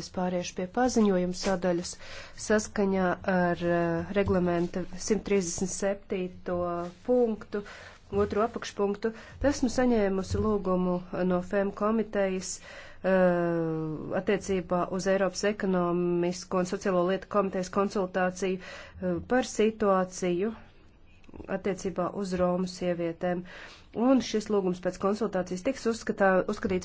Es pāriešu pie paziņojuma sadaļas saskaņā ar uh, reglamenta 137. punktu, otro apakšpunktu. Esmu saņēmusi lūgumu no FEM komitejas uh, attiecībā uz Eiropas ekonomisko un sociālo lietu komitejas konsultāciju uh, par situāciju attiecībā uz Romu sievietēm. Un šis lūgums pēc konsultācijas tiks uzskatā, uzskatīts.